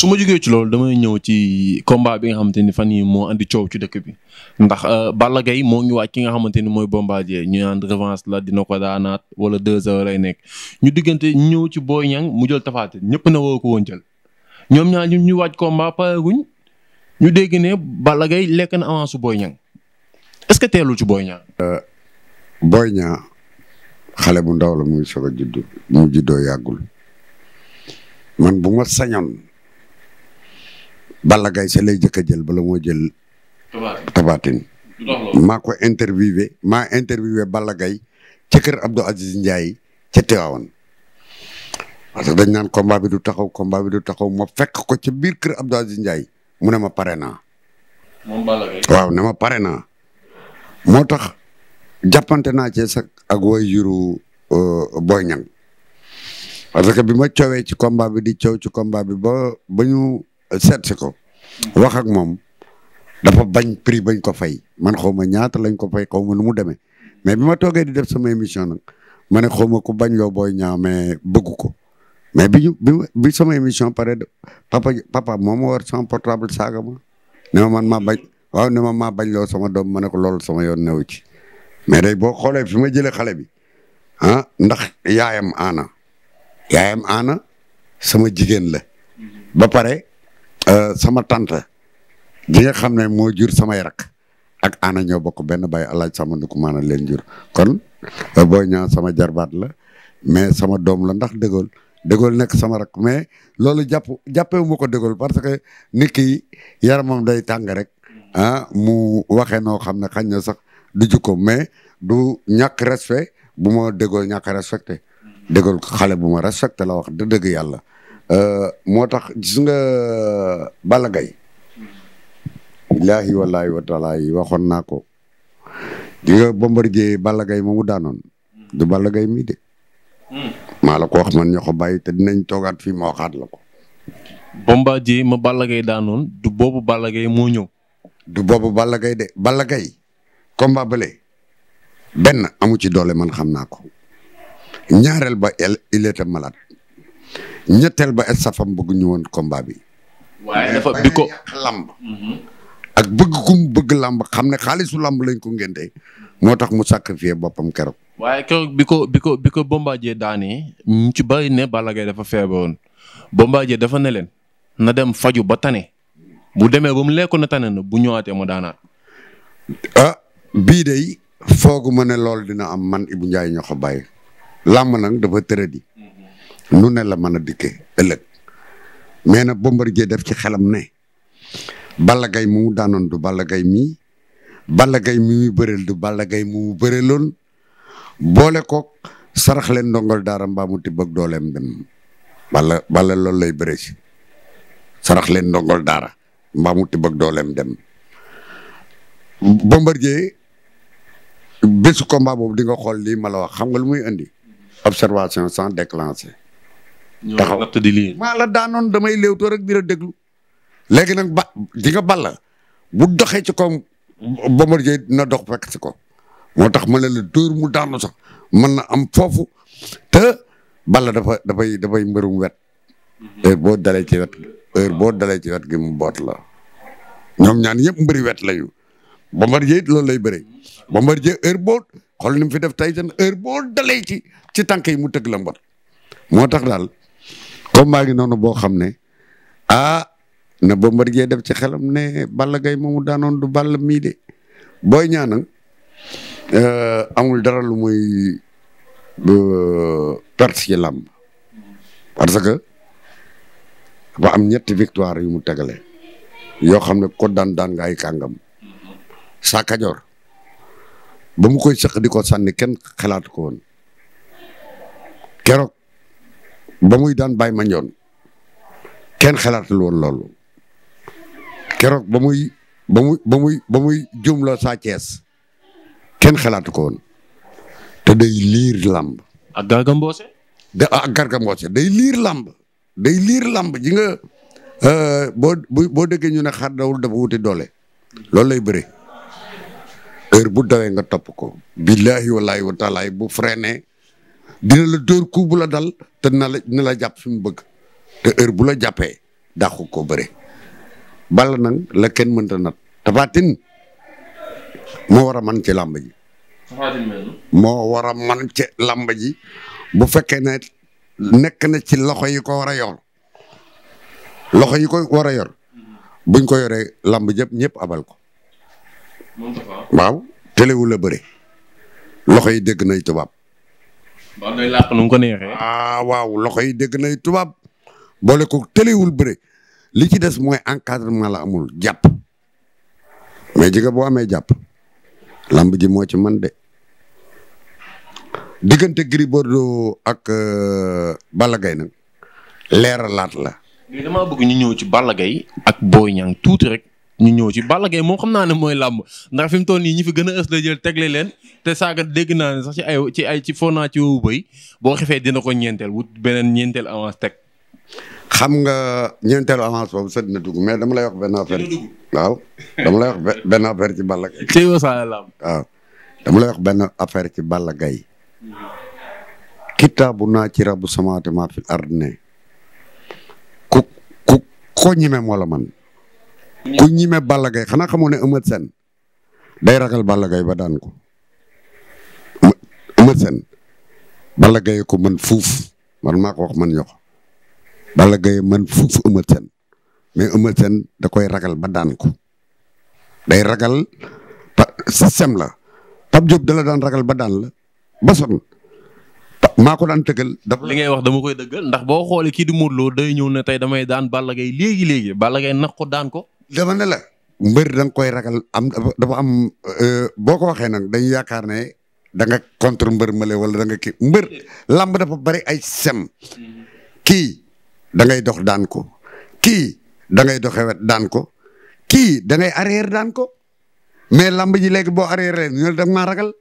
su ma jógee ci loolu damay ñëw ci combat bi nga xamante ni fan yi moo indi coow ci dëkk bi ndax euh, Balla Gaye moo ngi waaj ki nga xamante ni mooy Bombardier ñu naan revanche la dina ko daanaat wala deux lay nekk ñu diggante ñëw ci Boy Niang mu jël Tapha Tine ñëpp na woo ko woon jël ñoom ñaar ñu ñu waaj combat pareeguñ ñu dégg ne Balla Gaye lekk na avance su Boy Niang est-ce que teelul ci Boy Niang. Euh, Boy Niang xale bu ndaw la mu ngi soog a juddu mu juddoo yàggul man bu ma sañoon. Balla Gaye sa lay jëkk a jël bala moo jël. Tabaatine maa ko interviewé maa interviewé Balla Gaye ci kër Abdou Aziz Ndiaye ca Tivaouane. parce que dañ naan combat bi du taxaw combat bi du taxaw ma fekk ko ca biir kër Abdou Aziz Ndiaye mu ne ma pare naa. moom Balla waaw ne ma pare naa. moo tax jàppante naa ci sax ak woy juru euh, Boy Niang parce que bi ma coowee ci combat di coow ci combat ba ba ñu seet si ko. wax ak moom dafa bañ prix bañ ko fay man xaw ma ñaata lañ ko fay xaw ma nu mu demee mais bi ma toogee di def sama émission nag ma ne xaw ma ku bañ loo booy ñaaw mais bëgg ko mais bi bi sama émission pare papa papa moo ma war sama portable saaga ma ne man maa bañ waaw ne ma maa bañ loo sama doom ma ne ko loolu sama yoon newu ci mais day boo xoolee fi ma jëlee xale bi ah ndax yaayam aana yaayam aana sama jigéen la ba pare. Euh, sama tante bi nga xam ne moo jur samay rak ak ana ñoo bokk benn bay alaaj sama nduku maana leen jur kon euh, boo ñaa sama jarbaat la mais sama doom la ndax dëggool dëggool nekk sama rak mais loolu jàpp jàppewu ma ko dëggool parce que nit ki yaramam day tàng rek ah mu waxee noo xam ne xañ na sax du jukko mais du ñàkk respect bu ma dëggool ñàkk respecté dëggool xale bu ma respecté la wax dëgg yàlla Euh, moo tax jis nga Balla gay billaahi wallaahi wa waxoon naa ko di nga Bombardier Balla Gaye moomu daanoon du Balla gay mii de hmm. maa la ko wax man ñoo ko bàyyi te dinañ toogaat fii ma waxaat la ko Bombardier ma Balla Gaye daanoon du boobu Balla Gaye moo ñëw du boobu Balla Gaye de Balla Gaye combat bële benn amu ci doole man xam naa ko ñaareel ba il était malade ñetteel ba estafam bëgg ñu woon combat bi. waaye bi ko lamb mhm. ak bëgg kum bëgg lamb xam ne xaalisu lamb lañ ko ngénte moo tax mu sacrifier boppam keroog. waaye keroog bi ko bi ko bi ko Bombardier daanee ñu ci bëri ne Balla Gaye dafa feebaroon Bombardier dafa ne leen na dem faju ba tane bu demee ba mu lekk na tane na bu ñëwaatee mu daanaat. ah bii de foogu ma ne lool dina am man Ibou Ndiaye ñoo ko bàyyi. làmb nag dafa tëradi nu ne la mën a dikkee ëllëg mais nag Bombardier def ci xelam ne Balla Gaye mu mu daanoon du Balla Gaye mii Balla Gaye mi mu bëreel du Balla Gaye mu mu lool boole koog sarax leen ndongol daara mbaa mu tibb ak dooleem dem Balla Balla loolu lay bëree si sarax leen ndongol daara mbaa mu tibb ak dooleem dem Bombardier bésu combat boobu di nga xool lii ma la wax xam nga lu muy indi observation sans déclencher taxaw ñoo natt lii. maa la daanoon damay léewtoo rek di a déglu. léegi nag ba di nga balla bu doxee ci kaw Bombardier dina dox fekk ci ko moo tax ma ne la dóor mu daanu sax mën na am foofu te balla dafa dafay dafay mbërum wet. Mhm. heure boo dalee ci wet boo dalee ci wet gi mu boot la ñoom ñaan yëpp mbëri wet lañu Bombardier it loolu lay bëri Bombardier heure boo xool ni mu fi def tey seen heure boo dalee ci ci tànk yi mu tëgg la mbot moo tax daal. combat ngi noonu boo xam ne ah na Bombardier def ci xelam ne Balla Gaye moomu daanoon du Balla mii de Boy Niang nag euh, amul dara lu muy euh, perte ci làmb parce que ba am ñetti victoire yu mu tegale yoo xam ne ko daan daan nga ay kàngam saa kajoor ba mu koy sëq di ko sànni kenn xalaatu ko woon keroog ba muy daan bay Mandione kenn xalaatul woon loolu keroog ba muy ba muy ba muy ba muy kenn xalaatu ko woon te day liir làmb. ak Garga Mbossé. day liir làmb day liir làmb ji nga euh, boo boo déggee ñu ne xar dawul wuti doole loolu lay bëri heure bu dawee nga topp ko. billaahi wallaahi wa bu freiné dina la dóor ku bu la dal te na dina la jàpp fi bëgg te heure bu la jàppee dàqu ko bëre Balla nag la kenn mënta nat Tapha moo war a man ci làmb ji moo war a man ci ji bu fekkee ne nekk na ci loxo yi ko war a yor loxo yi ko war a yor buñ ko yoree làmb jëpp ñëpp abal ko waaw téléwu la bëre loxo yi dégg nañ tubaab ba doy làq ah, waaw loxo yi dégg na tubaab boole ko tëlewul bëre li ci des mooy encadrement la amul jàpp mais jege boo amee jàpp lamb ji moo ci man de diggante Gris Bordeaux ak euh, Balla Gaye nag leeralaat la. mais damaa bëgg ñu ñëw ci Balla Gaye ak Boy Niang tuuti rek ñu ñëw ci Balla Gaye moom xam naa ne mooy làmb ndax fi mu toll nii ñi fi gën a ës la jël tegle leen te saaga dégg naa ne sax ci ay ci ay ci foo naa ci boo xefee dina ko ñeenteel wut beneen ñeenteel avance teg. xam nga ñeenteelu avance boobu sax na dugg mais dama lay wax benn affaire waaw dama lay wax benn ci Balla Gaye. ci Wassare Lamb waaw dama affaire ci Balla Gaye. kitaabu naa ci rabu samaate maa fi ardne ku ku koo man ku ñime Balla Gaye xanaa xamoo ne Eumeu Sène day ragal Balla gay ba daan ko Eumeu Sène Balla gay ko man fuuf man maa ko wax man ñox Balla Gaye mën fuuf Eumeu Sène mais Eumeu Sène da koy ragal ba daan ko day ragal pa système la Pape Diop dala daan ragal ba daan la ba sonn maa ko daan tëggal. li ngay wax dama koy dëggal ndax boo xoolee kii di Modou Lo ñëw ne tey damay daan Balla gay léegi léegi Balla Gaye nax ko daan ko. dama ne la mbër dang koy ragal am dafa am euh, boo ko waxee nag dañu yaakaar ne da nga contre mbër mële wala da nga kii mbër làmb dafa bari ay sem kii dangay dox daan ko kii da ngay doxe wet daan ko kii da ngay arrière daan ko mais làmb ji léegi boo arrière ñu da nga maa ragal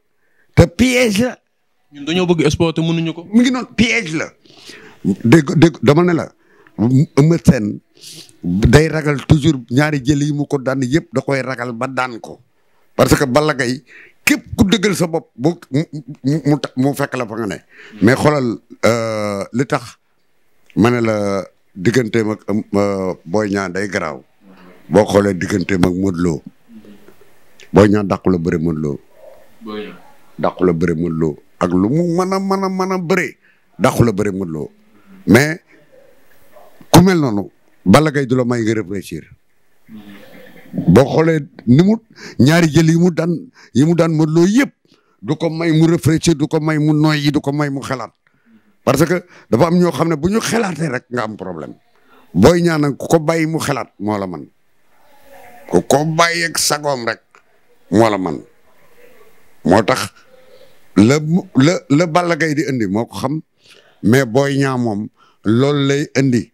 te piège la. ñun dañoo bëgg sport te mënuñu ko. mu ngi noon piège la. dégg dégg dama ne la Eumeu Sène day ragal toujours ñaari jël yi mu ko daan yëpp da koy ragal ba daan ko parce que Balla Gaye képp ku dëggal sa bopp bu mu fekk la fa nga ne. mais xoolal euh, li tax ma ne la digganteem ak euh, booy ñaar day garaaw boo xoolee digganteem ak Modou Lo Boy Niang dàqu la bëre Modou Lo. Boy ak lu mu mën a mën a mën a bëre dàqu la bëre mais ku mel noonu. Balla Gaye du la may nga réfléchir boo xoolee ni mu ñaari jël yi mu daan yi mu daan Modou Lo yëpp du ko may mu réfléchir du ko may mu noyyi du ko may mu xelaat parce que dafa am ñoo xam ne bu ñu xelaatee rek nga am problème booy ñaan ku ko bàyyi mu xelaat moo la man ku ko bàyyi ak sagoom rek moo la man moo tax la la la Balla Gaye di indi moo ko xam mais booy ñaa moom loolu lay indi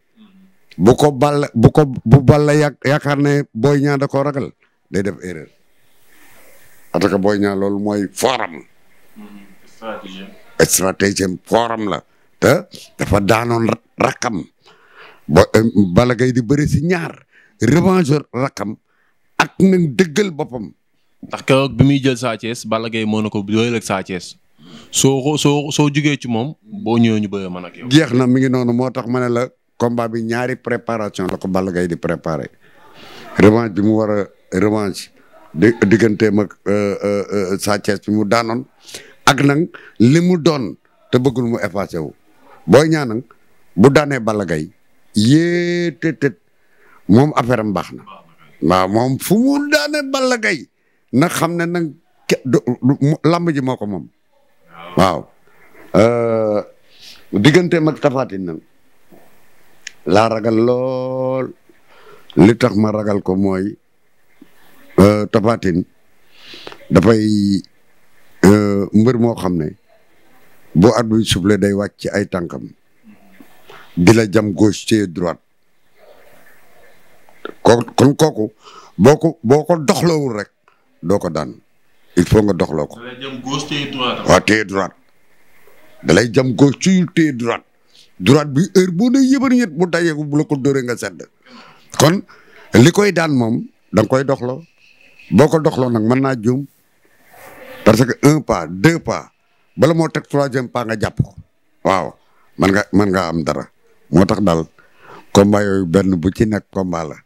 bu ko ball bu ko bu balla ya yaakaar ne booy ñaa da koo ragal day def erreur parce que booy ñaa loolu mooy forum. stratégie am. stratégie la dafa daanoon rakkam bo euh, Balla di bëri si ñaar revanche rakkam ak nag dëggal boppam. ndax keroog bi muy jël Sa Thiès Balla Gaye moo na ko doyal ak Sa Thiès soo soo soo jugee ci moom boo ñëwee ñu bëri man ak yow. jeex na mi ngi noonu moo tax ma ne la. combat bi ñaari préparation la ko Balla Gaye di préparé revanche bi mu war a revanche di digganteem ak euh, euh, euh, Sa Thiès bi mu daanoon ak nag li mu doon te bëggul mu effacé wu Boy Niang bu daanee Balla Gaye yée te moom affaire am baax waaw moom fu mu daanee Balla Gaye na xam ne nag lamb ji moo ko moom waaw digganteem ak Tapha Tine nag laa ragal lool li tax ma ragal ko mooy euh, Tapha Tine dafay euh, mbër moo xam ne boo at buy soufflé day wàcc ci ay tànkam di la jam gauche ci droite ko kon kooku boo ko boo ko doxloowul rek doo ko daan il faut nga doxloo ko. da lay jam gauche ci droite. waaw da lay jam gauche ci téye droite. droite bi heure boo dee yëbar bu dajeeku bu la ko dóoree nga sedd kon li koy daan moom da koy doxloo boo ko doxloo nag mën naa juum parce que un pas deux pas bala moo teg troisième pas nga jàpp ko waaw man nga mën nga am dara moo tax dal combat yooyu benn bu ci nekk combat la